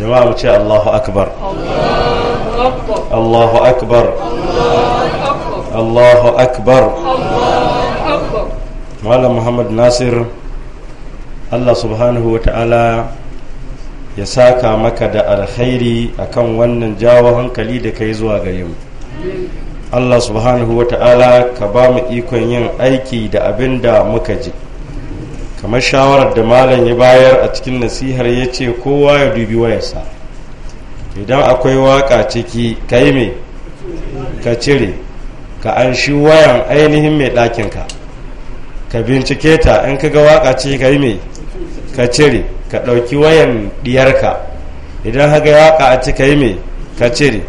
jama'a mu ce Allahu akbar Allahu akbar Allahu akbar Malam Muhammad Nasir Allah subhanahu wa ta'ala ya saka maka da alkhairi akan wannan jawo hankali da kai zuwa gare mu Allah subhanahu wa ta'ala ka ba mu ikon yin aiki da abin da muka ji kamar shawarar da malam ya bayar a cikin nasihar ya ce kowa ya dubi wayarsa idan akwai waka ciki ka yi ka cire ka an shi wayan ainihin mai ɗakinka ka bincike ta in ka ga waka ciki ka yi ka cire ka ɗauki wayan ɗiyarka idan haka waka a ci ka yi ka cire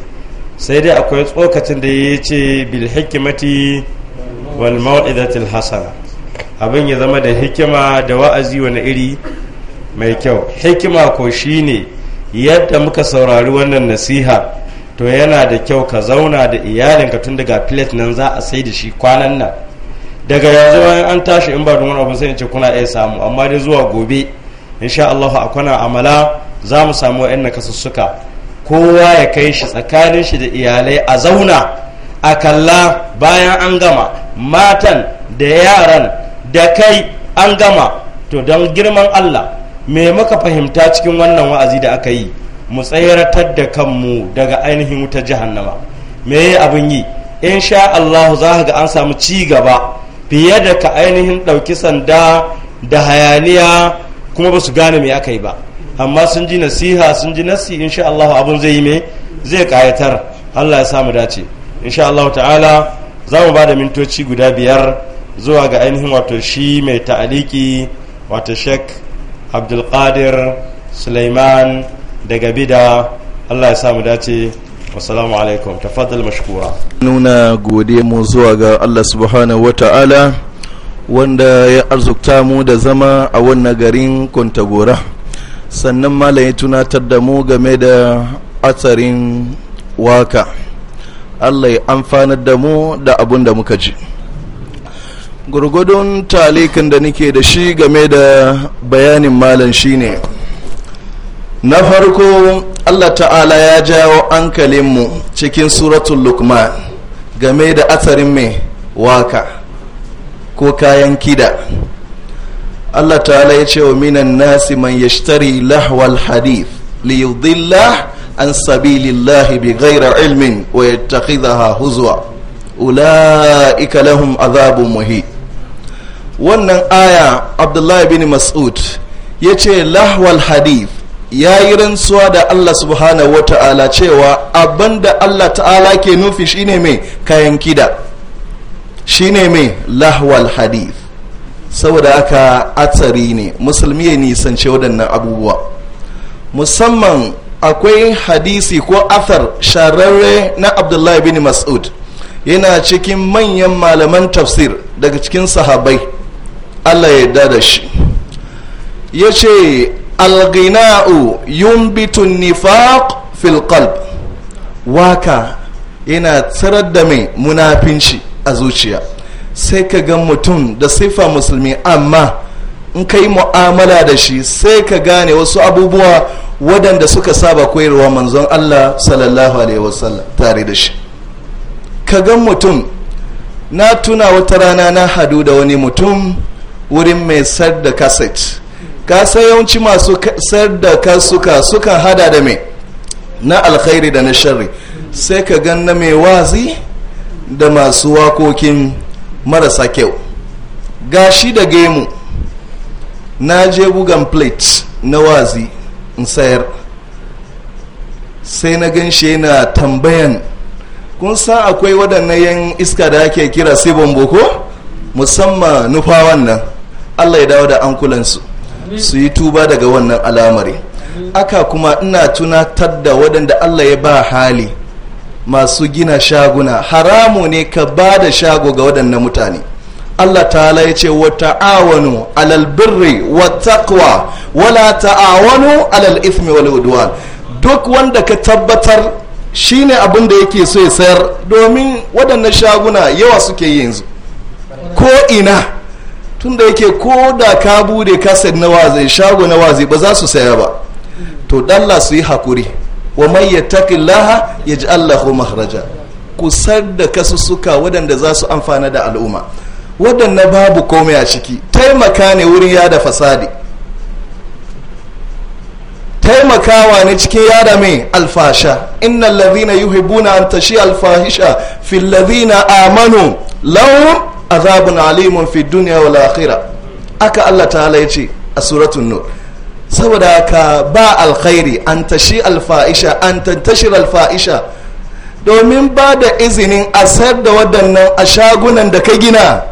sai dai akwai tsokacin da ya ce bil hikimati wal mau'izatil hasana abin ya zama da hikima da wa'azi wani iri mai kyau hikima ko shi ne yadda muka saurari wannan nasiha to yana da kyau ka zauna da iyalinka tun daga plate nan za a sai da shi kwanan nan daga yanzu bayan an tashi in ba da wani abu sai ce kuna iya samu amma dai zuwa gobe insha Allah a kwana amala za mu samu yan na kasussuka kowa ya kai shi tsakanin shi da iyalai a zauna a kalla bayan an gama matan da yaran da kai an gama to don girman allah me muka fahimta cikin wannan wa'azi da aka yi mu tsayaratar da kanmu daga ainihin wutar jahannama me ya abin yi in sha Allah za ga an samu ci gaba fiye da ka ainihin ɗauki sanda da hayaniya kuma ba su gane me aka yi ba amma sun ji nasiha sun ji nasi sha Allah abun zai yi me zai kayatar Allah ya samu dace sha Allah ta'ala za mu ba da mintoci guda biyar zuwa ga ainihin wato shi mai ta'aliki wato sheik abdulkadir suleiman daga bida allah ya samu dace wasalamu alaikum tafaddal mashkura nuna gode mu zuwa ga allah subhanahu wa ta'ala wanda ya arzukta mu da zama a wannan garin kwantagora sannan malam tunatar da mu game da atsarin waka allah ya amfanar da mu da abun da muka ji gurgudun talikin da nake da shi game da bayanin malam shine na farko allah ta'ala ya jawo ankalinmu cikin suratun lukman game da atsarin mai waka ko kayan kida allah ta'ala ya ce wa minan nasi man yashtari lahwal hadith li yudilla an sabilillahi bi gaira ilmin wa yattakhidha huzwa ulaika lahum azabun muhi. wannan aya abdullahi bin mas'ud ya ce lahwal hadith ya yi rantsuwa da allah subhanahu wa ta'ala cewa abin allah ta'ala ke nufi shine mai kayan kida shine mai lahwal hadith saboda aka atsari ne musulmi ya nisance waɗannan abubuwa musamman akwai hadisi ko athar shararre na abdullahi bin mas'ud yana cikin manyan malaman tafsir daga cikin sahabai allah ya yarda da shi ya ce algina'u bitun nifaq fil qalb waka yana tsarar da mai munafinci a zuciya sai ka ga mutum da sifa musulmi amma in ka yi mu'amala da shi sai ka gane wasu abubuwa waɗanda suka saba koyarwa manzon Allah sallallahu alaihi wasallam tare da shi ka ga mutum na tuna wata rana na hadu da wani mutum wurin mai sayar da kaset kasa yawanci masu sayar da kasuka sukan hada da mai na alkhairi da na sharri sai ka gan na mai wazi da masu wakokin marasa kyau gashi da gemu na je bugan plate na wazi in sayar sai na gan shi yana tambayan kun sa akwai waɗannan yan iska da ake kira sibon boko musamman nufawan nan allah ya dawo da ankulansu su yi tuba daga wannan alamari aka kuma ina tunatar da waɗanda allah ya ba hali masu gina shaguna haramu ne ka ba da shago ga waɗannan mutane Allah ta'ala ya ce wa ta'awanu alal birri wa wala ta'awanu alal ithmi wal duk wanda ka tabbatar shine ne abinda yake so ya sayar domin waɗannan shaguna yawa suke yanzu ko ina tun da yake ko da ka bude kaset na wazai shago na wazai ba za su saya ba to dalla su yi hakuri wa mai ya ji yaj'al lahu mahraja kusar da suka waɗanda za su amfana da al'umma waɗanda babu komai a ciki taimaka ne ya yada fasadi taimakawa ne cikin yada mai alfasha innal ladhina yuhibbuna an tashi alfahisha fil ladhina amanu lahum azabun alimun fi duniya wa aka Allah ta yace a suratun nur saboda ka ba alkhairi an tashi alfa'isha an tantashir alfa'isha domin ba da izinin a sayar da waɗannan a shagunan da ka gina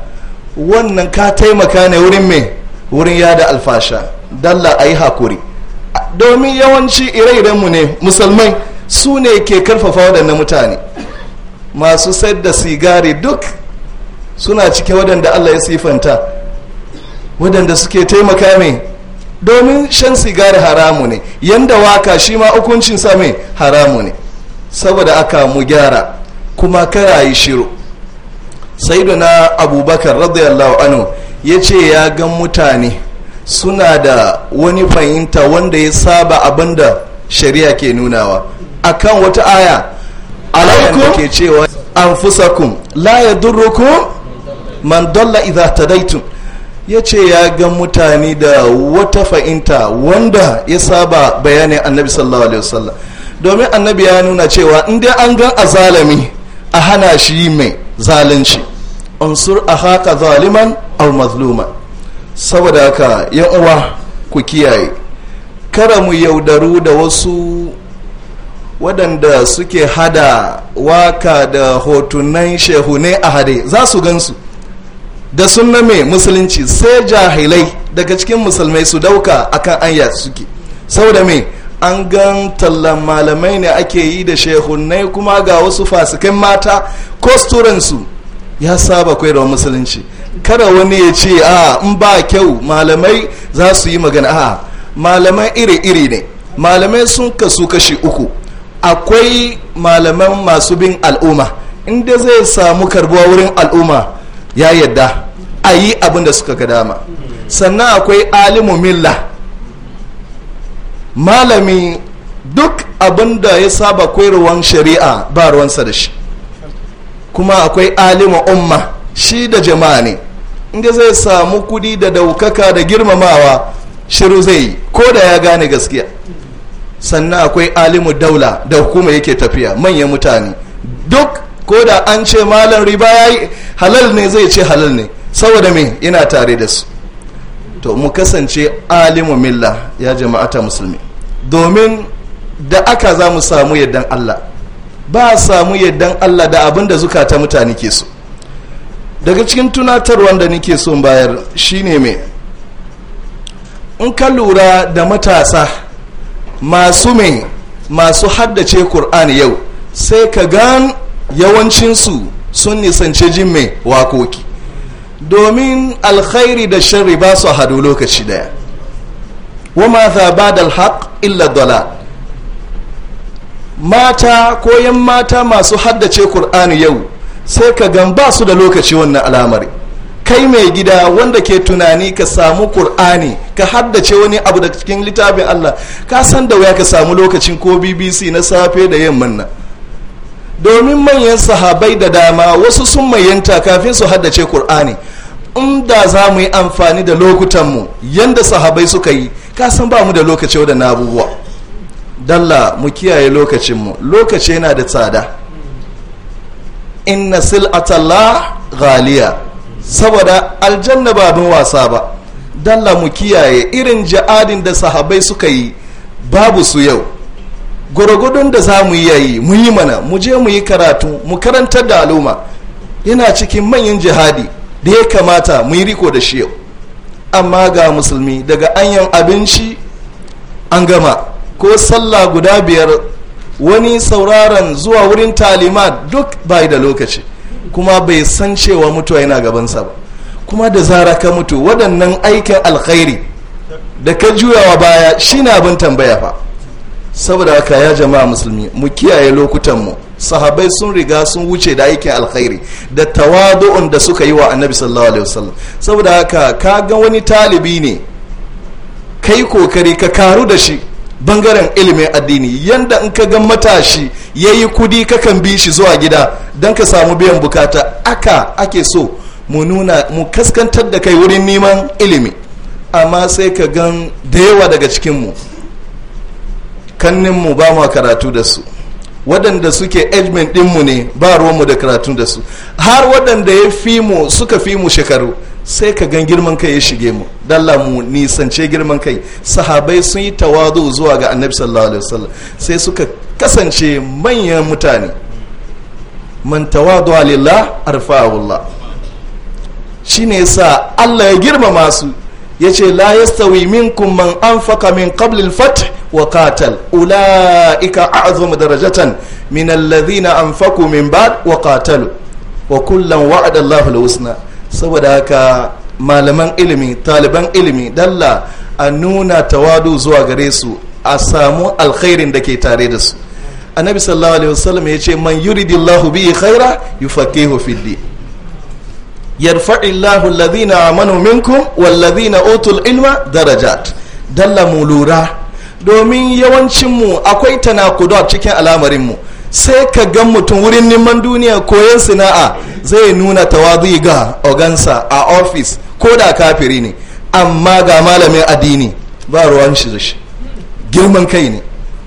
wannan ka taimaka ne wurin mai wurin yada alfasha dalla a yi hakuri domin yawanci ire-irenmu ne musulmai su ne ke karfafa waɗannan mutane masu sayar da sigari duk suna cike wadanda allah ya sifanta waɗanda suke taimaka mai domin shan sigari haramu ne yanda waka shi ma hukuncin sa mai haramu ne saboda aka mu gyara kuma kara yi shiru sai na abubakar radiyallahu anhu ya ce ya gan mutane suna da wani fahimta wanda ya saba abinda shari'a ke nunawa akan wata aya alaikun ke cewa an anfusakum la yadurrukum man dalla idha tadaitum yace ya ga mutane da wata fa'inta wanda ya saba bayanin annabi sallallahu alaihi wasallam domin annabi ya nuna cewa in dai an gan a a hana shi mai zalunci unsur a haka zaliman aw mazluma saboda haka yan uwa ku kiyaye kada mu yaudaru da wasu waɗanda suke hada waka da hotunan shehu ne a hade za su gansu da sunna mai musulunci sai jahilai daga cikin musulmai su dauka akan anya suke saboda mai an gan tallan malamai ne ake yi da shehunai kuma ga wasu fasikan mata kosturansu ya saba kai da musulunci kada wani ya ce a in ba kyau malamai za su yi magana a malamai iri-iri ne malamai sun kasu kashi uku akwai malaman masu bin al'umma inda zai samu karbuwa wurin al'umma ya yadda a yi abin da suka ga dama sannan akwai alimu milla malami duk abin da ya saba koyarwan shari'a ba ruwansa da shi kuma akwai alimu umma shi da jama'a ne inda zai samu kudi da daukaka da girmamawa shiru zai yi ko da ya gane gaskiya sannan akwai alimu daula da hukuma yake tafiya manyan mutane duk ko da an ce malam riba ya yi halal ne zai ce halal ne saboda me ina tare da su to mu kasance alimu milla ya jama'ata musulmi domin da aka za mu samu yaddan Allah ba a samu yaddan Allah da abin da zukata mutane ke so daga cikin tunatarwar da nake so bayar shine me in ka lura da matasa masu me masu haddace Kur'ani yau sai ka gan yawancinsu sun nisance jin mai wakoki domin alkhairi da sharri ba su hadu lokaci daya wama za ba da alhaq illa dala mata ko yan mata masu haddace ƙur'ani yau sai ka gan ba su da lokaci wannan alamari kai mai gida wanda ke tunani ka samu Kur'ani ka haddace wani abu da cikin littafin allah ka san da waya ka samu lokacin ko bbc na safe da yamman nan domin manyan sahabai da dama wasu sun mayanta kafin su haddace kur'ani inda za mu yi amfani da lokutanmu yadda sahabai suka yi kasan ba mu da lokaci na abubuwa dalla mu kiyaye lokacinmu lokaci yana da tsada inna sil'atallah ghaliya saboda aljanna ba abin wasa ba dalla mu kiyaye irin ja'adin da sahabai suka yi babu su yau gurgudun da za mu yi yayi mu yi mana mu je mu yi karatu mu karantar da al'umma yana cikin manyan jihadi da ya kamata mu yi riko da shi yau amma ga musulmi daga anyan abinci an gama ko sallah guda biyar wani sauraron zuwa wurin talima duk bai da lokaci kuma bai san cewa mutuwa yana gabansa ba kuma da zara ka mutu waɗannan aikin alkhairi da ka juyawa baya shi na abin tambaya fa saboda haka ya jama'a musulmi mu kiyaye lokutan mu sahabai sun riga sun wuce da aikin alkhairi da tawadu'un da suka yi wa annabi sallallahu alaihi wasallam saboda haka ka ga wani talibi ne kai kokari ka karu da shi bangaren ilimin addini yanda in ka ga matashi yayi kudi kakan bi shi zuwa gida dan ka samu biyan bukata aka ake so mu nuna mu kaskantar da kai wurin neman ilimi amma sai ka gan da yawa daga cikin mu kanninmu ba ma karatu da su waɗanda suke edgement ɗinmu ne ba mu da karatu da su har waɗanda ya fi mu suka fi mu shekaru sai ka gan girman kai ya shige mu dalla mu nisance girman kai sahabai sun yi tawazu zuwa ga annabi sallallahu alaihi wasallam sai suka kasance manyan mutane man tawadu lillah arfa'ullah shine yasa Allah ya girmama su ya ce la min minkum man faka min qabl fat wa katal ulaika a'zamu darajatan min an faku min ba wa katal wa kullan wa'ada Allahu saboda haka malaman ilimi taliban ilimi dalla a nuna tawadu zuwa gare su a samu alkhairin da ke tare da su annabi sallallahu alaihi wasallam ya ce man yuridillahu bihi khaira yufaqihu fid din yarfa'illahu ladina amanu wa ladina otul ilma darajat dalla mu lura domin yawancin mu akwai a cikin al'amarin sai ka gan mutum wurin neman duniya koyon sana'a zai nuna tawazi ga ogansa a ofis ko da kafiri ne amma ga malamin addini ba ruwan shi shi girman kai ne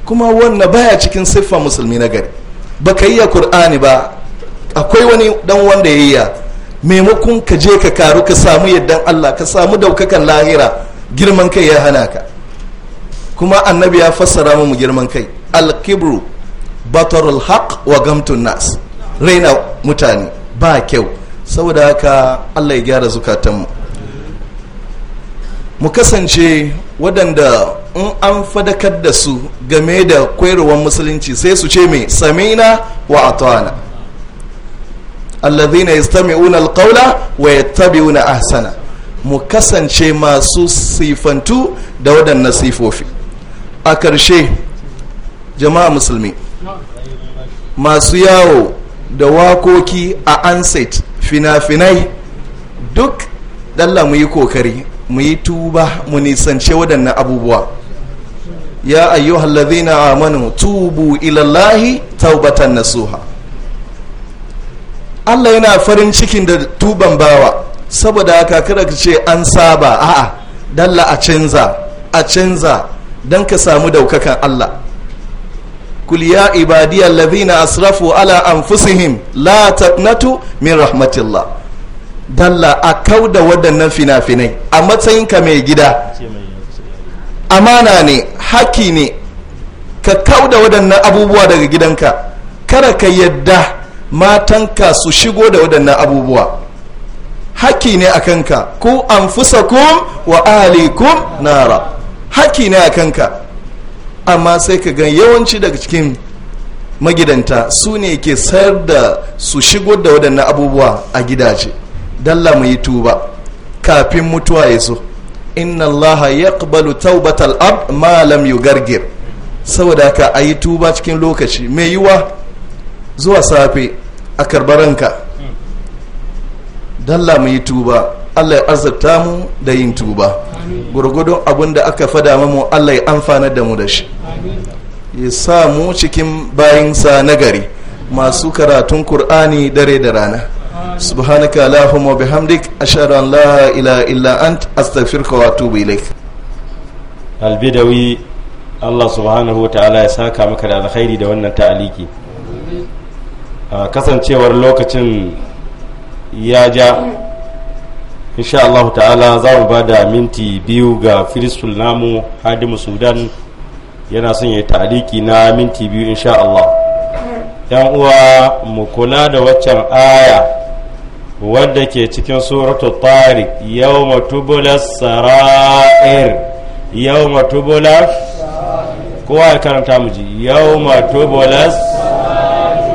kuma wannan baya cikin siffa musulmi na gari ba ka yi ya kur'ani ba akwai wani dan wanda ya yi ya maimakon ka je ka karu ka samu yaddan Allah ka samu daukakan lahira girman kai ya hana ka kuma annabi ya fassara mu girman kai alkibru batarul haq wa gamtun nas raina mutane ba kyau saboda haka Allah ya gyara zukatanmu mu kasance waɗanda in an fadakar da su game da koyarwar musulunci sai su ce mai samina wa atana allazina yastami'una alqawla wa yattabi'una ahsana mu kasance masu sifantu da waɗannan sifofi a ƙarshe jama'a musulmi masu yawo da wakoki a anset fina-finai duk dalla mu yi kokari mu yi tuba mu nisance waɗannan abubuwa ya ayyuhallazina amanu tubu ilallahi taubatan nasuha allah yana farin cikin da tuban bawa saboda haka kada ka ce an saba a'a dalla a canza a canza don ka samu daukakan allah kul ya ibadiyar labina asrafu ala anfusihim la taqnatu min rahmatillah dalla a kau da waɗannan fina-finai a matsayinka mai gida amana ne haki ne ka kau da waɗannan abubuwa daga gidanka kada ka yadda matanka su shigo da waɗannan abubuwa haki ne a kanka ku an ku wa ahalikum nara haki ne a kanka amma sai ka gan yawanci daga cikin magidanta su ne ke sayar da su shigo da waɗannan abubuwa a gidaje dalla mu yi tuba kafin mutuwa ya so inna allaha ya ƙubalu taubatal ab malam yugargir saboda ka a yi tuba cikin lokaci mai yiwa zuwa safe a karbaranka dalla mu yi tuba allah ya arzata mu da yin tuba gurgudun abin da aka fada mamu allah ya amfana da mu da shi ya sa mu cikin bayinsa nagari masu karatun kur'ani dare da rana subhanaka allahumma bihamdik ashhadu an la ilaha illa ant astaghfiruka wa atubu ilaik albidawi allah subhanahu wa ta'ala ya saka maka da alkhairi da wannan ta'aliki Ah, kasancewar lokacin ya ja insha Allah ta'ala za mu ba da minti biyu ga firistul namu hadimu sudan yana son ya taliki na minti biyu insha Allah yan uwa mu kula da waccan aya wadda ke cikin suratu tariq yau matubula sara'ir yau matubula kowa ya karanta mu ji matubula sara'ir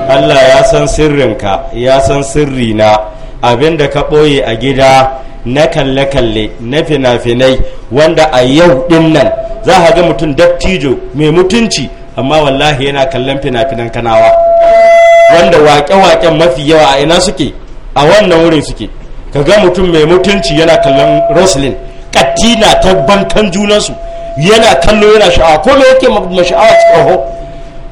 Allah ya san sirrinka ya san sirrina abinda ka ɓoye a gida na kalle-kalle na fina-finai wanda a yau ɗin nan za a ga mutum dattijo mai mutunci amma wallahi yana kallon fina-finan kanawa wanda waƙe-waƙen mafi yawa a ina suke a wannan wurin suke ka ga mutum mai mutunci yana kallon roslin katina ta bankan junansu yana kallo yana sha'awa ko me yake masha'awa cikin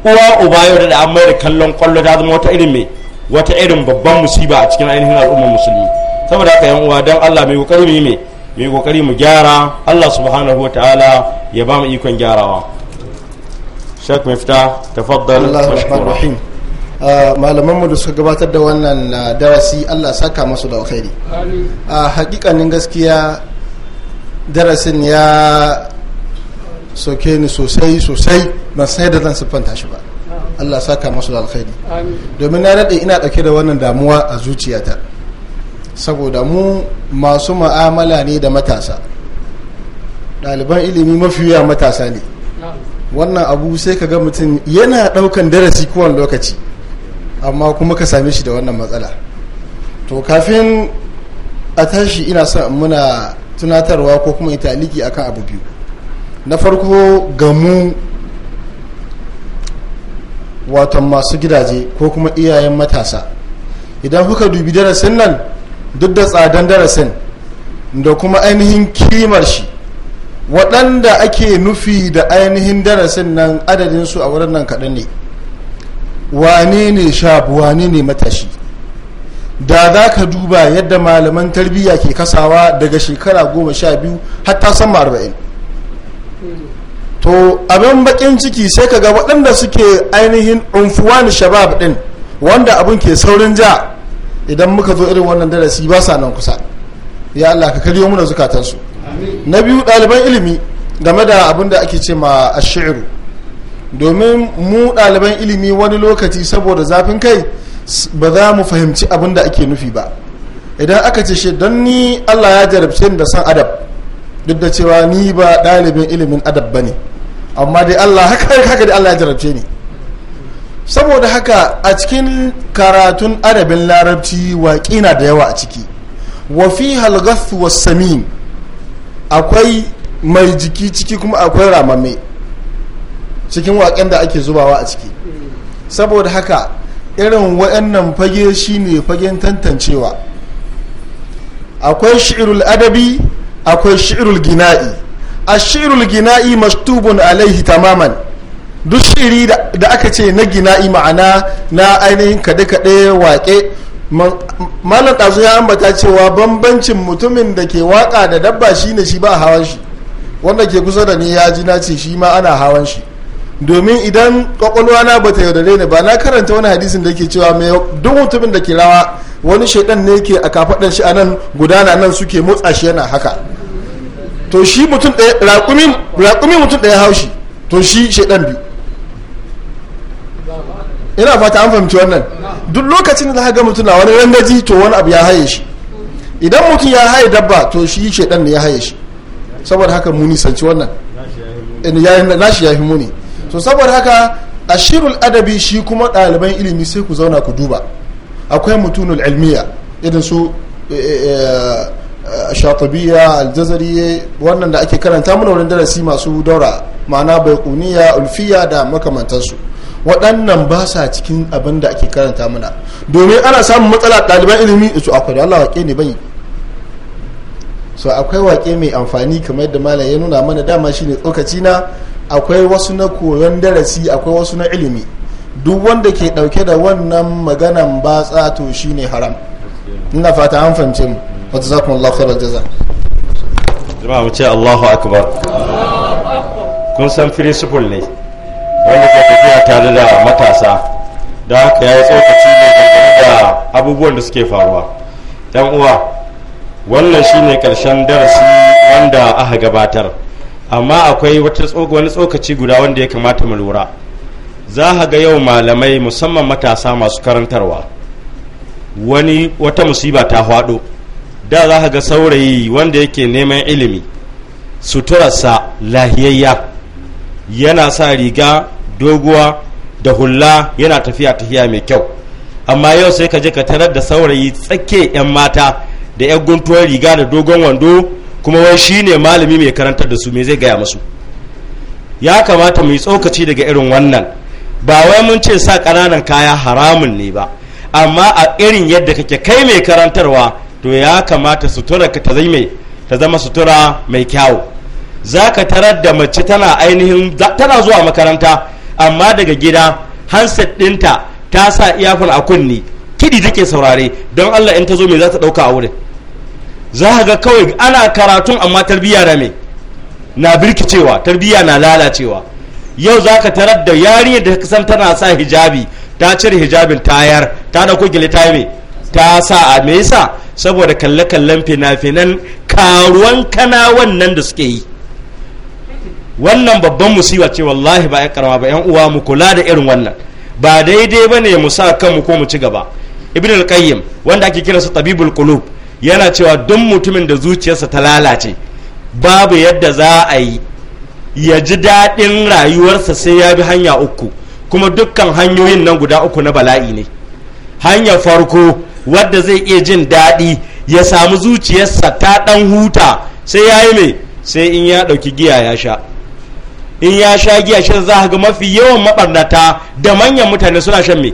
uwa uba yau da an mai da kallon kwallo ta zama wata irin mai wata irin babban musiba a cikin ainihin al'ummar musulmi saboda haka yan uwa don Allah mai kokari mu mai mai kokari mu gyara Allah subhanahu wa ta'ala ya ba mu ikon gyarawa Sheikh Miftah tafaddal mashkura rahim ah, malaman mu da suka gabatar da wannan ah, darasi Allah saka masu da alkhairi a ah, hakikanin gaskiya darasin ya soke ni sosai sosai ban sai da zan siffanta shi ba Allah saka masu da alkhairi domin na daɗe ina ɗauke da wannan damuwa a zuciyata saboda mu masu ma'amala ne da matasa ɗaliban ilimi mafi mafiya matasa ne wannan abu sai ka ga mutum yana ɗaukan darasi kowane lokaci amma kuma ka same shi da wannan matsala to kafin a tashi ina son muna tunatarwa ko kuma ita aliki akan abu biyu na farko ga mu watan masu gidaje ko kuma iyayen matasa idan kuka dubi darasin nan duk da tsadan darasin da kuma ainihin kimar shi waɗanda ake nufi da ainihin darasin nan adadinsu a wurin nan kaɗan ne wane ne shabu wane ne matashi da za ka duba yadda malaman tarbiyya ke kasawa daga shekara goma sha biyu hatta sama arba'in to abin bakin ciki sai kaga waɗanda suke ainihin unfuwan shabab ɗin wanda abin ke saurin ja idan muka zo irin wannan darasi ba sa nan kusa ya Allah ka karyo muna zukatansu na biyu ɗaliban ilimi game da abin da ake ce ma ashiru domin mu ɗaliban ilimi wani lokaci saboda zafin kai ba za mu fahimci abin da ake nufi ba idan aka ce shi don ni Allah ya jarabce ni da san adab duk da cewa ni ba ɗalibin ilimin adab ba ne amma dai Allah haka haka dai Allah ya jarabce ni saboda haka a cikin karatun adabin larabci waƙi na da yawa a ciki wa fi halgathu wa samin akwai mai jiki ciki kuma akwai ramame cikin waƙen da ake zubawa a ciki saboda haka irin waɗannan fage shine fagen tantancewa akwai shi'irul adabi akwai shi'irul gina'i ashirul gina'i mastubun alaihi tamaman duk shiri da aka ce na gina'i ma'ana na ainihin kade kade waƙe malam ɗazu ya ambata cewa bambancin mutumin da ke waƙa da dabba shine shi ba hawan shi wanda ke kusa da ni ya ji na ce shi ma ana hawan shi domin idan kwakwalwa na bata yaudare ni ba na karanta wani hadisin da ke cewa mai duk mutumin da ke rawa wani shaidan ne ke a kafaɗar shi a nan gudana nan suke motsa shi yana haka to shi mutum ɗaya raƙumi mutum ɗaya haushi to shi shaidan biyu ina fata an fahimci wannan duk lokacin da za mutum na wani rangaji to wani abu ya haye shi idan mutum ya haye dabba to shi shaidan ne ya haye shi saboda haka muni sanci wannan eh, nashi ya fi muni to saboda haka ashirul adabi shi kuma ɗaliban ilimi sai ku zauna ku duba akwai mutunul ilmiya irin su eh, eh, shatabiya aljazariye wannan da ake karanta mana wurin darasi masu daura ma'ana baikuniya ulfiya da makamantansu waɗannan ba sa cikin abin da ake karanta mana domin ana samun matsala ɗaliban ilimi su akwai Allah waƙe ne bai so akwai waƙe mai amfani kamar yadda malam ya nuna mana dama shine tsokaci na akwai wasu na koyon darasi akwai wasu na ilimi duk wanda ke ɗauke da wannan maganan batsa to shine haram ina fata an fahimce mu wa jazakumullahu khairal jaza jama'a mu ce Allahu akbar kun san principle ne wanda ke tafiya tare da matasa da haka yayi tsokaci ne dangane da abubuwan da suke faruwa yan uwa wannan shine karshen darasi wanda aka gabatar amma akwai wani tsokaci guda wanda ya kamata mu lura za ka ga yau malamai musamman matasa masu karantarwa wani wata musiba ta hwado da za ka ga saurayi wanda yake neman ilimi suturarsa lahiyayya yana sa riga doguwa da hula yana tafiya tafiya mai kyau amma yau sai ka je ka tarar da saurayi tsakke 'yan mata da 'yan guntuwar riga da dogon wando kuma wai shi ne malami mai karantar da su me zai gaya masu ya kamata mu yi tsokaci daga irin wannan ba wai mun ce sa ƙananan kaya haramun ne ba amma a irin yadda kake kai mai karantarwa to ya kamata sutura ka ta zai ta zama sutura mai kyawu za ka tarar da mace tana ainihin tana zuwa makaranta amma daga gida hanset ɗinta ta sa iyafin a kunni kidi take saurare don allah in ta zo me za ta ɗauka a wurin za ga kawai ana karatun amma tarbiyya na mai na birkicewa tarbiyya na lalacewa yau za ka tarar da yarinyar da ka tana sa hijabi ta cire hijabin tayar ta da kogile ta yi ta sa a me yasa saboda kalle-kallen fina-finan karuwan kana wannan da suke yi wannan babban musiba ce wallahi ba ya karawa ba yan uwa mu kula da irin wannan ba daidai ba ne mu sa kanmu ko mu ci gaba ibn al-qayyim wanda ake kira su tabibul qulub yana cewa duk mutumin da zuciyarsa ta lalace babu yadda za a yi ya ji daɗin rayuwarsa sai ya bi hanya uku kuma dukkan hanyoyin nan guda uku na bala'i ne hanyar farko wadda zai iya jin daɗi ya samu zuciyarsa ta ɗan huta sai ya yi mai sai in ya ɗauki giya ya sha in ya sha giya shi za ga mafi yawan maɓarnata da manyan mutane suna shan mai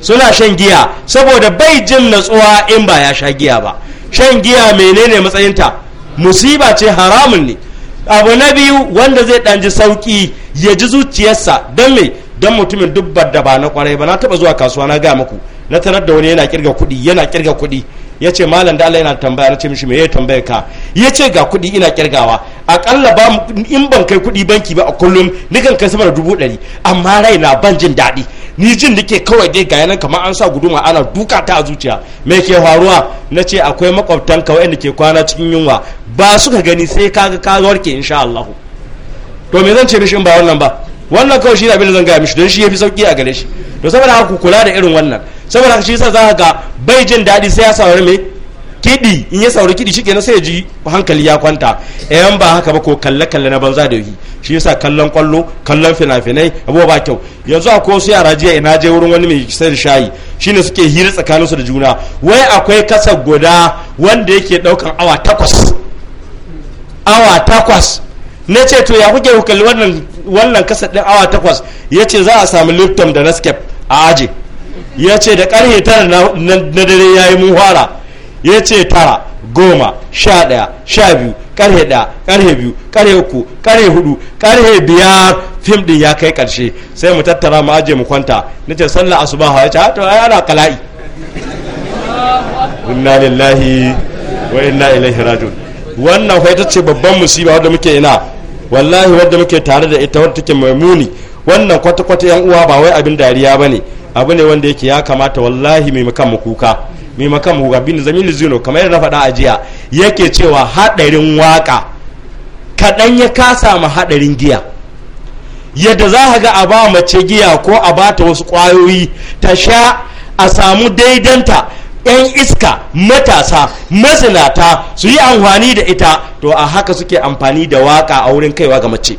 suna shan giya saboda bai jin natsuwa in ba ya sha giya ba shan giya menene matsayinta musiba ce haramun ne abu na biyu wanda zai ɗan ji sauƙi ya ji zuciyarsa don me don mutumin dubbar da ba na kwarai ba na taɓa zuwa kasuwa na gaya muku na tarar da wani yana kirga kudi yana kirga kudi ya ce malam da Allah yana tambaya na ce mishi me ya tambaya ka ya ce ga kudi ina kirgawa akalla ba in ban kai kudi banki ba a kullum nikan kai sama da dubu ɗari amma rai na ban jin daɗi ni jin ke kawai dai ga yanan kamar an sa guduma ana duka ta a zuciya me ke faruwa na ce akwai makwabtan ka wa'anda ke kwana cikin yunwa ba suka gani sai kaga ka warke insha Allah to me zan ce mishi in ba wannan ba wannan kawai shi ne abin da zan gaya mishi don shi ya fi sauki a gare shi da saboda haka kula da irin wannan saboda shi yasa za ga bai jin daɗi sai ya saurari me kiɗi in ya sauri kiɗi shikenan sai ya ji hankali ya kwanta yan eh, ba haka ba ko kalle kalle na banza da yi shi yasa kallon kwallo kallon fina-finai abubuwa ba kyau yanzu a wasu yara jiya ina je wurin wani mai sai da shayi shine suke hira tsakanin su da juna wai akwai kasa guda wanda yake daukan awa takwas awa takwas na ce to ya kuke kalli wannan kasa ɗin awa takwas ya ce za a sami lifton da naskep a aje ya ce da karhe tara na dare ya yi mun fara ya ce tara goma sha daya sha biyu karhe daya karhe biyu karhe uku karhe hudu karhe biyar fim din ya kai ƙarshe sai mu tattara mu aje mu kwanta na ce sallar asuba ya ce ah, to ai ana kala'i inna lillahi wa inna ilaihi rajiun wannan fa ita ce babban musiba wadda muke ina wallahi wadda muke tare da ita wadda take maimuni wannan kwata-kwata yan uwa ba wai abin dariya ba ne abu ne wanda yake ya kamata wallahi mai makan mu kuka mai makan mu bin zamil zino kamar yadda na faɗa a jiya yake cewa haɗarin waka kaɗan ya kasa ma haɗarin giya yadda za ka ga a ba mace giya ko a ba ta wasu ƙwayoyi ta sha a samu daidanta 'yan iska matasa masinata su yi amfani da ita to a haka suke amfani da waka a wurin kaiwa ga mace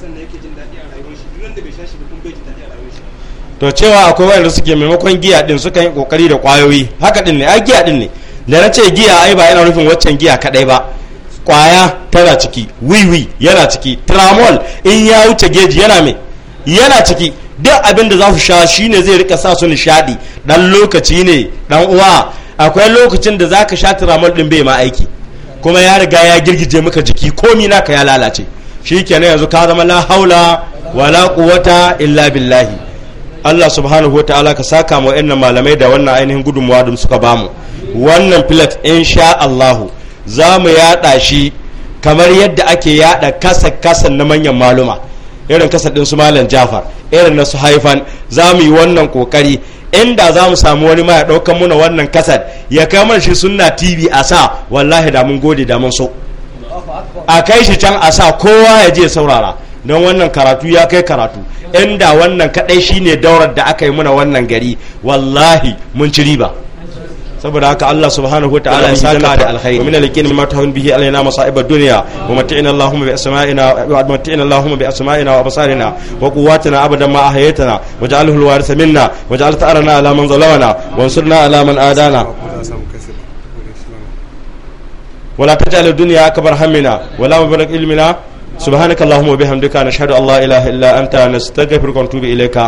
sannan yake jin daɗi a rayuwar shi duk wanda bai sha shi ba kuma bai jin daɗi shi to cewa akwai wanda suke maimakon giya din suka yi kokari da kwayoyi haka din ne ai giya din ne da na ce giya ai ba yana nufin waccan giya kadai ba kwaya tana ciki wiwi yana ciki tramol in ya wuce geji yana mai yana ciki duk abin da za su sha ne zai rika sa su nishadi dan lokaci ne dan uwa akwai lokacin da zaka sha tramol din bai ma aiki kuma ya riga ya girgije maka jiki komi naka ya lalace shi kenan yanzu ka zama la haula wala quwwata illa billahi Allah subhanahu wa ta'ala ka saka mu wa'annan malamai da wannan ainihin gudunmuwa da suka bamu wannan filat insha Allahu za mu yada shi kamar yadda ake yada kasa kasan na manyan maluma irin kasa ɗin su malam Jafar irin na su haifan za mu yi wannan kokari inda za mu samu wani ma ya daukan muna wannan kasar ya kamar shi sunna TV a sa wallahi da mun gode da mun so a kai shi can a sa kowa ya je saurara don wannan karatu ya kai karatu inda wannan kadai shine daurar da aka yi muna wannan gari wallahi mun ci riba saboda haka Allah subhanahu wa ta'ala ya saka da alkhairi min alqin ma tahun bihi alaina masa'ib ad-dunya wa mat'ina Allahumma bi asma'ina wa mat'ina Allahumma bi asma'ina wa absarina wa quwwatina abadan ma ahyaytana waj'alhu al-waritha minna waj'al tha'rana ala man zalamana wansurna ala man adana ولا تجعل الدنيا أكبر همنا ولا مبلغ علمنا سبحانك اللهم وبحمدك نشهد الله إله إلا أنت نستغفرك ونتوب إليك